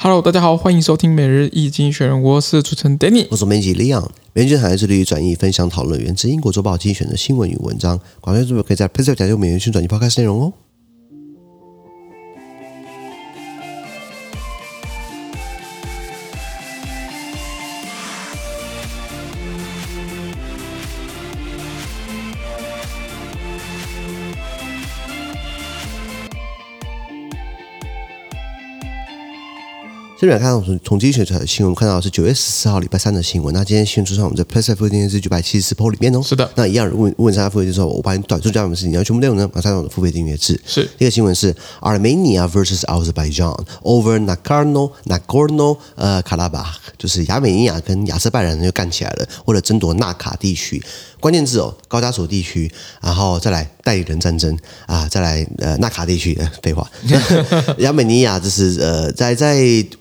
Hello，大家好，歡迎收聽每日一經濟學人，我是主持人 Danny，我是總編輯 Leon，每日精選致力於轉譯、分享、討論源自英國《週報》精選的新聞與文章，觀眾讀者可以在 PressPlay 加入每日精選專題 Podcast 內容哦。這邊看到從重新選出的新聞，我看到是九月十四號禮拜三的新聞。那今天新聞出現我們的 PressPlay 付費訂閱制，九百七十四坡裡面哦，是的。那一樣問問上付費訂閱制，我把你短注加入我們你要全部內容呢，馬上上我們的付費訂閱制。是。第一個新聞是 Armenia versus Azerbaijan over Nagorno Nagorno 呃 Karabakh, 就是亞美尼亞跟亞塞拜然人就幹起來了，為了爭奪納卡地區。關鍵字哦，高加索地區，然後再來代理人戰爭啊，再來呃納卡地區，呃、廢話，亞美尼亞就是呃在在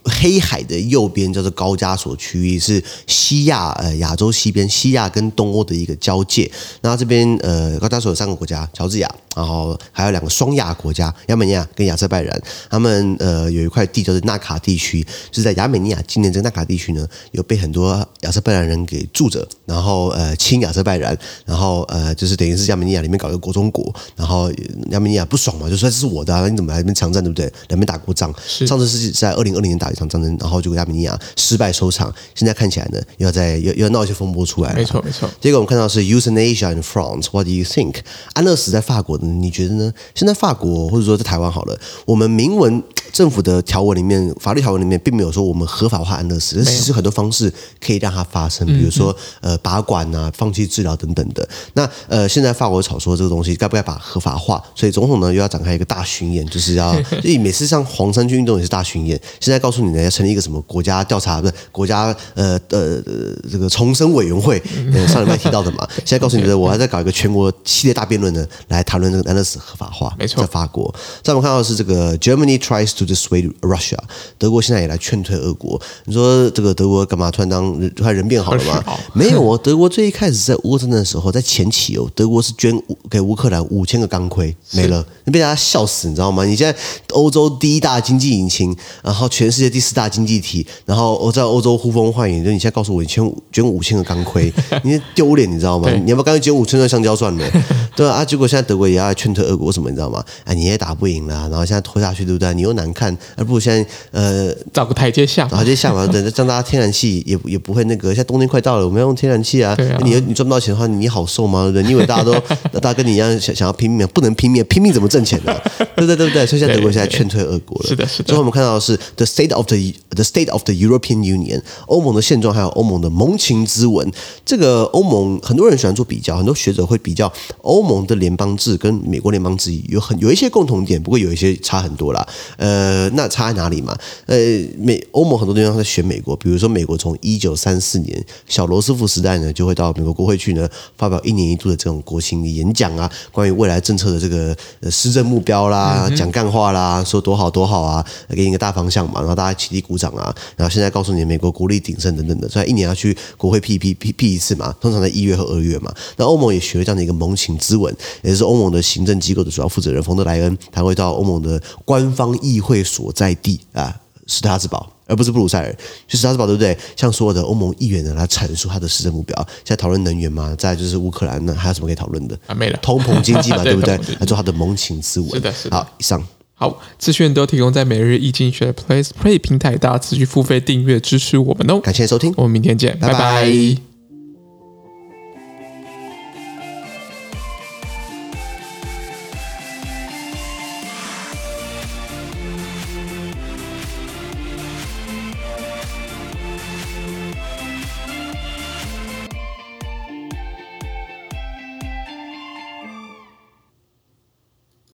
黑海的右邊叫做高加索區域，是西亞呃亞洲西邊，西亞跟東歐的一個交界。那這邊呃高加索有三個國家，喬治亞。然後還有兩個雙亞國家，亞美尼亞跟亞塞拜然，他們呃有一塊地就是納卡地區，就是在亞美尼亞。今年這個納卡地區呢，有被很多亞塞拜然人給住着，然後呃親亞塞拜然，然後呃就是等於是亞美尼亞裡面搞一個國中國，然後亞美尼亞不爽嘛，就說這是我的、啊，你怎麼還沒強占，對不對？兩邊打過仗，是上次是在二零二零年打一場戰爭，然後就亞美尼亞失敗收場。現在看起來呢，又要再要要鬧一些風波出來啊。沒錯沒錯。第二個我們看到是 Euthanasia in France，What do you think？安樂死在法國呢。你覺得呢？現在法國，或者說在台灣好了，我們明文。政府的條文裡面，法律條文裡面並沒有說我們合法化安樂死，但其實很多方式可以讓它發生，比如說呃，拔管啊，放棄治療等等的。那呃，現在法國吵說這個東西該不該把合法化？所以總統呢又要展開一個大巡演，就是要，所以每次像黃衫軍運動也是大巡演。現在告訴你呢，要成立一個什麼國家調查？不是國家呃呃這個重生委員會，呃、上禮拜提到的嘛。現在告訴你的，我還在搞一個全國系列大辯論呢，來談論這個安樂死合法化。沒錯，在法國，在我們看到的是這個 Germany tries to。就 dissuade Russia，德國現在也來勸退俄國。你說這個德國幹嘛突然當他人變好了嗎？好好沒有、哦、哼德國最一開始在烏克蘭的時候，在前期哦，德國是捐給烏克蘭五千個鋼盔，沒了，是你被人家笑死，你知道嗎？你現在歐洲第一大經濟引擎，然後全世界第四大經濟體，然後我在歐洲呼風喚雨，就你現在告訴我你捐捐五千個鋼盔，你丟臉，你知道嗎？嘿你要不要乾脆捐五千個香蕉算了？對啊，結果現在德國也要勸退俄國，什麼你知道嗎？啊、哎，你也打不贏了，然後現在拖下去對不對？你又難看，而不如現在呃找個台階下，然後就下嘛，等 這樣大家天然氣也也不會那個，現在冬天快到了，我們要用天然氣啊。對啊，你你賺不到錢的話，你好受嗎？人因為大家都 大家跟你一樣想想要拼命，不能拼命，拼命怎麼掙錢呢？啊？對對對對，所以現在德國現在勸退俄國了。對對對，是的是的，是的。最後我們看到的是 the state of the。The state of the European Union，歐盟的現狀，還有歐盟的盟情諮文。這個歐盟很多人喜歡做比較，很多學者會比較歐盟的聯邦制跟美國聯邦制有很有一些共同點，不過有一些差很多啦。呃，那差在哪裡嘛？呃，美歐盟很多地方在學美國，比如說美國從一九三四年小羅斯福時代呢，就會到美國國會去呢發表一年一度的這種國情演講啊，關於未來政策的這個呃、施政目標啦，講幹話啦，說多好多好啊，給你一個大方向嘛，然後大家起立鼓掌。啊，然後現在告訴你，美國國力鼎盛等等的，所以一年要去國會 P P P P 一次嘛，通常在一月和二月嘛。那歐盟也學了這樣的一個“盟情諮文”，也是歐盟的行政機構的主要負責人馮德萊恩，他會到歐盟的官方議會所在地啊，斯特拉斯堡，而不是布魯塞爾，就是斯特拉斯堡，對不對？像所有的歐盟議員呢，來闡述他的施政目標，啊、現在討論能源嘛，再就是烏克蘭呢，還有什麼可以討論的？啊、沒了，通膨經濟嘛，對不對？來 做他的“盟情諮文”，好，以上。好，資訊都提供在每日易經學 Play Play 平台，大家持續付費訂閱支持我們哦。感謝收聽，我們明天見，拜拜。拜拜。